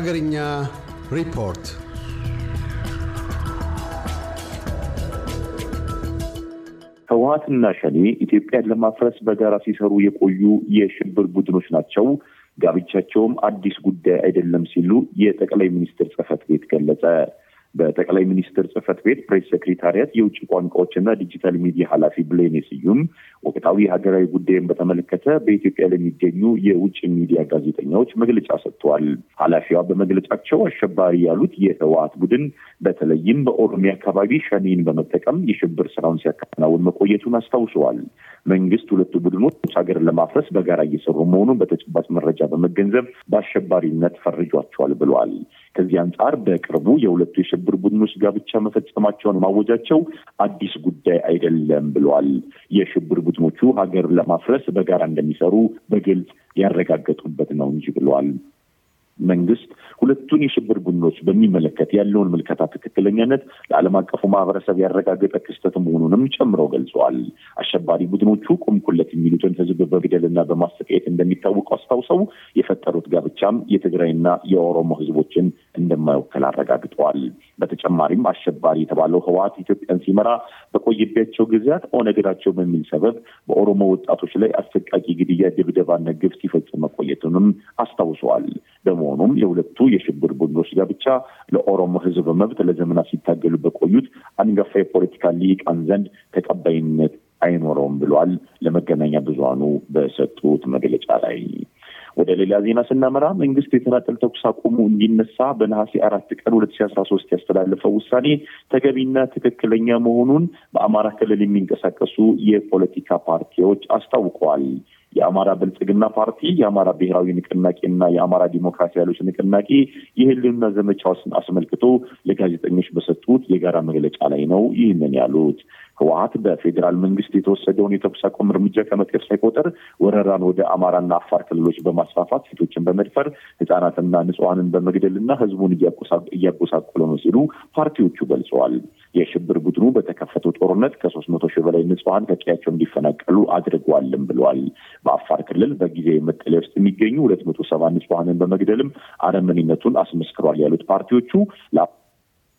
ሀገርኛ ሪፖርት ህወሀትና ሸኔ ኢትዮጵያን ለማፍረስ በጋራ ሲሰሩ የቆዩ የሽብር ቡድኖች ናቸው። ጋብቻቸውም አዲስ ጉዳይ አይደለም ሲሉ የጠቅላይ ሚኒስትር ጽፈት ቤት ገለጸ። በጠቅላይ ሚኒስትር ጽህፈት ቤት ፕሬስ ሴክሬታሪያት የውጭ ቋንቋዎችና ዲጂታል ሚዲያ ኃላፊ ብሌኔ ስዩም ወቅታዊ ሀገራዊ ጉዳይን በተመለከተ በኢትዮጵያ ለሚገኙ የውጭ ሚዲያ ጋዜጠኛዎች መግለጫ ሰጥተዋል። ኃላፊዋ በመግለጫቸው አሸባሪ ያሉት የህወሀት ቡድን በተለይም በኦሮሚያ አካባቢ ሸኔን በመጠቀም የሽብር ስራውን ሲያከናውን መቆየቱን አስታውሰዋል። መንግስት ሁለቱ ቡድኖች ሀገር ለማፍረስ በጋራ እየሰሩ መሆኑን በተጨባጭ መረጃ በመገንዘብ በአሸባሪነት ፈርጇቸዋል ብለዋል። ከዚህ አንጻር በቅርቡ የሁለቱ የሽብር ቡድኖች ጋብቻ መፈጸማቸውን ማወጃቸው አዲስ ጉዳይ አይደለም ብለዋል። የሽብር ቡድኖቹ ሀገር ለማፍረስ በጋራ እንደሚሰሩ በግልጽ ያረጋገጡበት ነው እንጂ ብለዋል። መንግስት ሁለቱን የሽብር ቡድኖች በሚመለከት ያለውን ምልከታ ትክክለኛነት ለዓለም አቀፉ ማህበረሰብ ያረጋገጠ ክስተት መሆኑንም ጨምሮ ገልጸዋል። አሸባሪ ቡድኖቹ ቁምኩለት የሚሉትን ህዝብ በግደልና በማሰቃየት እንደሚታወቁ አስታውሰው የፈጠሩት ጋብቻም የትግራይና የኦሮሞ ህዝቦችን እንደማይወከል አረጋግጠዋል። በተጨማሪም አሸባሪ የተባለው ህወሓት ኢትዮጵያን ሲመራ በቆየባቸው ጊዜያት ኦነግ በሚል ሰበብ በኦሮሞ ወጣቶች ላይ አሰቃቂ ግድያ፣ ድብደባና ግፍ ሲፈጽም መቆየቱንም አስታውሰዋል። በመሆኑም የሁለቱ የሽብር ቡድኖች ጋብቻ ለኦሮሞ ህዝብ መብት ለዘመናት ሲታገሉ በቆዩት አንጋፋ የፖለቲካ ሊቃን ዘንድ ተቀባይነት አይኖረውም ብሏል። ለመገናኛ ብዙሃኑ በሰጡት መግለጫ ላይ ወደ ሌላ ዜና ስናመራ መንግስት የተናጠል ተኩስ አቁሙ እንዲነሳ በነሐሴ አራት ቀን ሁለት ሺ አስራ ሶስት ያስተላለፈው ውሳኔ ተገቢና ትክክለኛ መሆኑን በአማራ ክልል የሚንቀሳቀሱ የፖለቲካ ፓርቲዎች አስታውቀዋል። የአማራ ብልጽግና ፓርቲ፣ የአማራ ብሔራዊ ንቅናቄና የአማራ ዲሞክራሲ ኃይሎች ንቅናቄ የህልና ዘመቻውን አስመልክቶ ለጋዜጠኞች በሰጡት የጋራ መግለጫ ላይ ነው ይህንን ያሉት። ህወሀት በፌዴራል መንግስት የተወሰደውን የተኩስ አቁም እርምጃ ከመቀር ሳይቆጠር ወረራን ወደ አማራና አፋር ክልሎች በማስፋፋት ሴቶችን በመድፈር ህጻናትና ንጹሐንን በመግደልና ህዝቡን እያጎሳቆለ ነው ሲሉ ፓርቲዎቹ ገልጸዋል። የሽብር ቡድኑ በተከፈተው ጦርነት ከሶስት መቶ ሺህ በላይ ንጹሐን ከቀያቸው እንዲፈናቀሉ አድርጓልም ብለዋል። በአፋር ክልል በጊዜ መጠለያ ውስጥ የሚገኙ ሁለት መቶ ሰባ ንጹሐንን በመግደልም አረመኔነቱን አስመስክሯል ያሉት ፓርቲዎቹ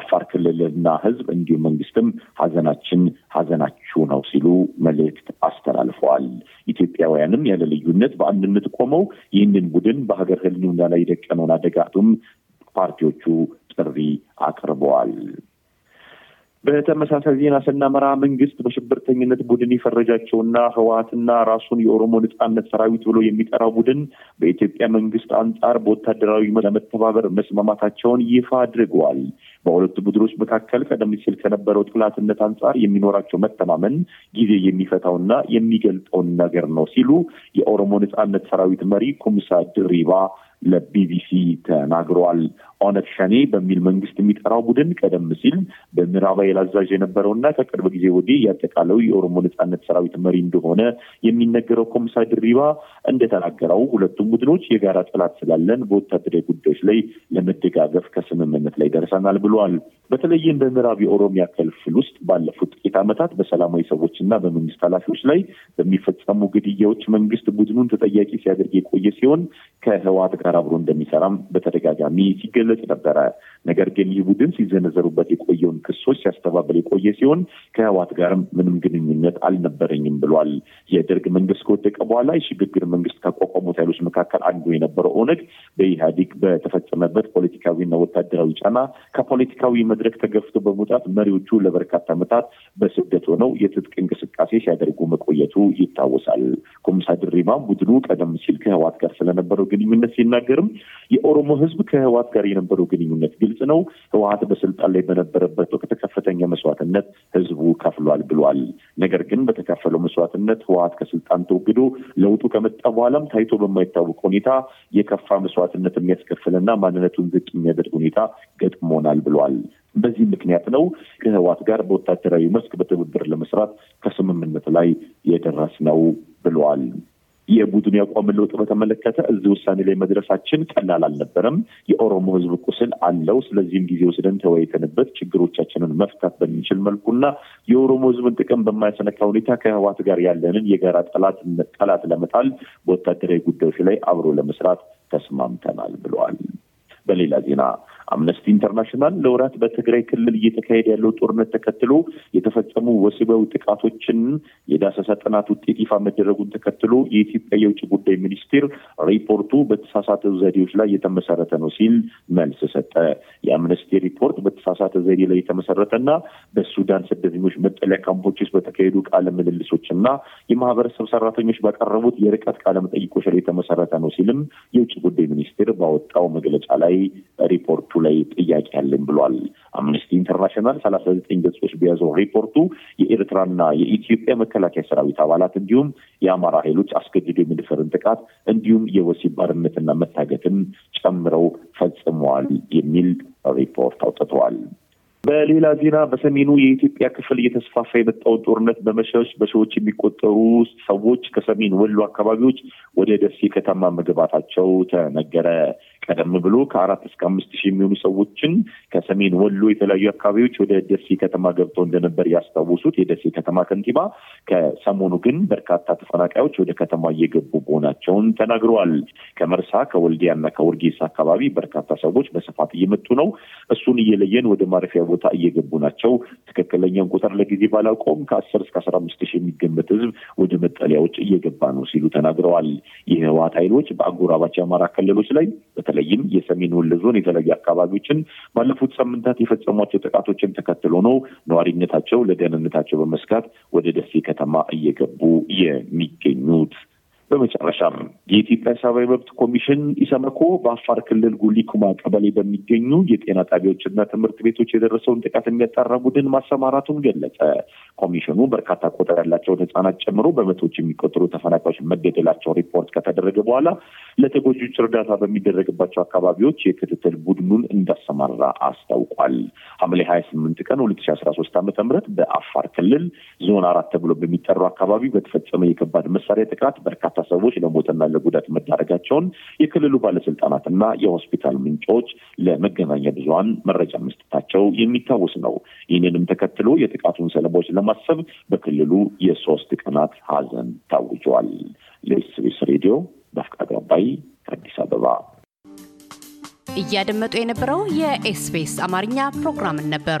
አፋር ክልልና ህዝብ እንዲሁም መንግስትም ሀዘናችን ሀዘናችሁ ነው ሲሉ መልእክት አስተላልፈዋል። ኢትዮጵያውያንም ያለ ልዩነት በአንድነት ቆመው ይህንን ቡድን በሀገር ሕልውና ላይ የደቀነውን አደጋቱም ፓርቲዎቹ ጥሪ አቅርበዋል። በተመሳሳይ ዜና ስናመራ መንግስት በሽብርተኝነት ቡድን የፈረጃቸውና ህወሀትና ራሱን የኦሮሞ ነጻነት ሰራዊት ብሎ የሚጠራው ቡድን በኢትዮጵያ መንግስት አንጻር በወታደራዊ ለመተባበር መስማማታቸውን ይፋ አድርገዋል። በሁለቱ ቡድኖች መካከል ቀደም ሲል ከነበረው ጥላትነት አንጻር የሚኖራቸው መተማመን ጊዜ የሚፈታውና የሚገልጠውን ነገር ነው ሲሉ የኦሮሞ ነጻነት ሰራዊት መሪ ኩምሳ ድሪባ ለቢቢሲ ተናግረዋል። ኦነግ ሸኔ በሚል መንግስት የሚጠራው ቡድን ቀደም ሲል በምዕራባዊ አዛዥ የነበረውና ከቅርብ ጊዜ ወዲህ ያጠቃለው የኦሮሞ ነጻነት ሰራዊት መሪ እንደሆነ የሚነገረው ኮምሳ ድሪባ እንደተናገረው ሁለቱም ቡድኖች የጋራ ጠላት ስላለን በወታደራዊ ጉዳዮች ላይ ለመደጋገፍ ከስምምነት ላይ ደርሰናል ብለዋል። በተለይም በምዕራብ የኦሮሚያ ክልል ውስጥ ባለፉት ጥቂት ዓመታት በሰላማዊ ሰዎች እና በመንግስት ኃላፊዎች ላይ በሚፈጸሙ ግድያዎች መንግስት ቡድኑን ተጠያቂ ሲያደርግ የቆየ ሲሆን ከህወሓት ጋር አብሮ እንደሚሰራም በተደጋጋሚ ሲገለ ሲገለጽ ነበረ። ነገር ግን ይህ ቡድን ሲዘነዘሩበት የቆየውን ክሶች ሲያስተባበል የቆየ ሲሆን ከህዋት ጋርም ምንም ግንኙነት አልነበረኝም ብሏል። የደርግ መንግስት ከወደቀ በኋላ የሽግግር መንግስት ካቋቋሙት ኃይሎች መካከል አንዱ የነበረው ኦነግ በኢህአዴግ በተፈጸመበት ፖለቲካዊና ወታደራዊ ጫና ከፖለቲካዊ መድረክ ተገፍቶ በመውጣት መሪዎቹ ለበርካታ ዓመታት በስደት ሆነው የትጥቅ እንቅስቃሴ ሲያደርጉ መቆየቱ ይታወሳል። ኮምሳ ድሪባም ቡድኑ ቀደም ሲል ከህዋት ጋር ስለነበረው ግንኙነት ሲናገርም የኦሮሞ ህዝብ ከህዋት ጋር የነበረው ግንኙነት ግልጽ ነው። ህወሀት በስልጣን ላይ በነበረበት ወቅት ከፍተኛ መስዋዕትነት ህዝቡ ከፍሏል ብሏል። ነገር ግን በተከፈለው መስዋዕትነት ህወሀት ከስልጣን ተወግዶ ለውጡ ከመጣ በኋላም ታይቶ በማይታወቅ ሁኔታ የከፋ መስዋዕትነት የሚያስከፍልና ማንነቱን ዝቅ የሚያደርግ ሁኔታ ገጥሞናል ብሏል። በዚህ ምክንያት ነው ከህወሓት ጋር በወታደራዊ መስክ በትብብር ለመስራት ከስምምነት ላይ የደረስ ነው ብለዋል። የቡድን ያቋም ለውጥ በተመለከተ እዚህ ውሳኔ ላይ መድረሳችን ቀላል አልነበረም። የኦሮሞ ህዝብ ቁስል አለው። ስለዚህም ጊዜ ወስደን ተወያይተንበት ችግሮቻችንን መፍታት በሚችል መልኩና የኦሮሞ ህዝብን ጥቅም በማያሰነካ ሁኔታ ከህዋት ጋር ያለንን የጋራ ጠላት ለመጣል በወታደራዊ ጉዳዮች ላይ አብሮ ለመስራት ተስማምተናል ብለዋል። በሌላ ዜና አምነስቲ ኢንተርናሽናል ለወራት በትግራይ ክልል እየተካሄደ ያለው ጦርነት ተከትሎ የተፈጸሙ ወሲባዊ ጥቃቶችን የዳሰሳ ጥናት ውጤት ይፋ መደረጉን ተከትሎ የኢትዮጵያ የውጭ ጉዳይ ሚኒስቴር ሪፖርቱ በተሳሳተ ዘዴዎች ላይ የተመሰረተ ነው ሲል መልስ ሰጠ። የአምነስቲ ሪፖርት በተሳሳተ ዘዴ ላይ የተመሰረተና በሱዳን ስደተኞች መጠለያ ካምፖች ውስጥ በተካሄዱ ቃለ ምልልሶች እና የማህበረሰብ ሰራተኞች ባቀረቡት የርቀት ቃለ መጠይቆች ላይ የተመሰረተ ነው ሲልም የውጭ ጉዳይ ሚኒስቴር ባወጣው መግለጫ ላይ ሪፖርቱ ላይ ጥያቄ አለን ብሏል። አምነስቲ ኢንተርናሽናል ሰላሳ ዘጠኝ ገጾች በያዘው ሪፖርቱ የኤርትራና የኢትዮጵያ መከላከያ ሰራዊት አባላት እንዲሁም የአማራ ኃይሎች አስገድዶ የመድፈርን ጥቃት እንዲሁም የወሲብ ባርነትና መታገትን ጨምረው ፈጽመዋል የሚል ሪፖርት አውጥተዋል። በሌላ ዜና በሰሜኑ የኢትዮጵያ ክፍል እየተስፋፋ የመጣውን ጦርነት በመሸሽ በሺዎች የሚቆጠሩ ሰዎች ከሰሜን ወሎ አካባቢዎች ወደ ደሴ ከተማ መግባታቸው ተነገረ። ቀደም ብሎ ከአራት እስከ አምስት ሺህ የሚሆኑ ሰዎችን ከሰሜን ወሎ የተለያዩ አካባቢዎች ወደ ደሴ ከተማ ገብተው እንደነበር ያስታወሱት የደሴ ከተማ ከንቲባ ከሰሞኑ ግን በርካታ ተፈናቃዮች ወደ ከተማ እየገቡ መሆናቸውን ተናግረዋል። ከመርሳ ከወልዲያና ከወርጌሳ አካባቢ በርካታ ሰዎች በስፋት እየመጡ ነው። እሱን እየለየን ወደ ማረፊያ ቦታ እየገቡ ናቸው። ትክክለኛውን ቁጥር ለጊዜ ባላውቀውም ከአስር እስከ አስራ አምስት ሺህ የሚገመት ህዝብ ወደ መጠለያዎች እየገባ ነው ሲሉ ተናግረዋል። የህወሓት ኃይሎች በአጎራባች አማራ ክልሎች ላይ በተለይም የሰሜን ወሎ ዞን የተለያዩ አካባቢዎችን ባለፉት ሳምንታት የፈጸሟቸው ጥቃቶችን ተከትሎ ነው ነዋሪነታቸው ለደህንነታቸው በመስጋት ወደ ደሴ ከተማ እየገቡ የሚገኙት። በመጨረሻም የኢትዮጵያ ሰብአዊ መብት ኮሚሽን ኢሰመኮ በአፋር ክልል ጉሊኩማ ቀበሌ በሚገኙ የጤና ጣቢያዎችና ትምህርት ቤቶች የደረሰውን ጥቃት የሚያጣራ ቡድን ማሰማራቱን ገለጸ። ኮሚሽኑ በርካታ ቁጥር ያላቸውን ህጻናት ጨምሮ በመቶዎች የሚቆጠሩ ተፈናቃዮች መገደላቸው ሪፖርት ከተደረገ በኋላ ለተጎጂዎች እርዳታ በሚደረግባቸው አካባቢዎች የክትትል ቡድኑን እንዳሰማራ አስታውቋል። ሐምሌ ሀያ ስምንት ቀን ሁለት ሺ አስራ ሶስት ዓመተ ምህረት በአፋር ክልል ዞን አራት ተብሎ በሚጠራው አካባቢ በተፈጸመ የከባድ መሳሪያ ጥቃት በርካታ በርካታ ሰዎች ለሞትና ለጉዳት መዳረጋቸውን የክልሉ ባለስልጣናትና የሆስፒታል ምንጮች ለመገናኛ ብዙሀን መረጃ መስጠታቸው የሚታወስ ነው። ይህንንም ተከትሎ የጥቃቱን ሰለባዎች ለማሰብ በክልሉ የሶስት ቀናት ሀዘን ታውጀዋል። ለኤስቢኤስ ሬዲዮ በፍቃዱ አባይ ከአዲስ አበባ። እያደመጡ የነበረው የኤስቢኤስ አማርኛ ፕሮግራምን ነበር።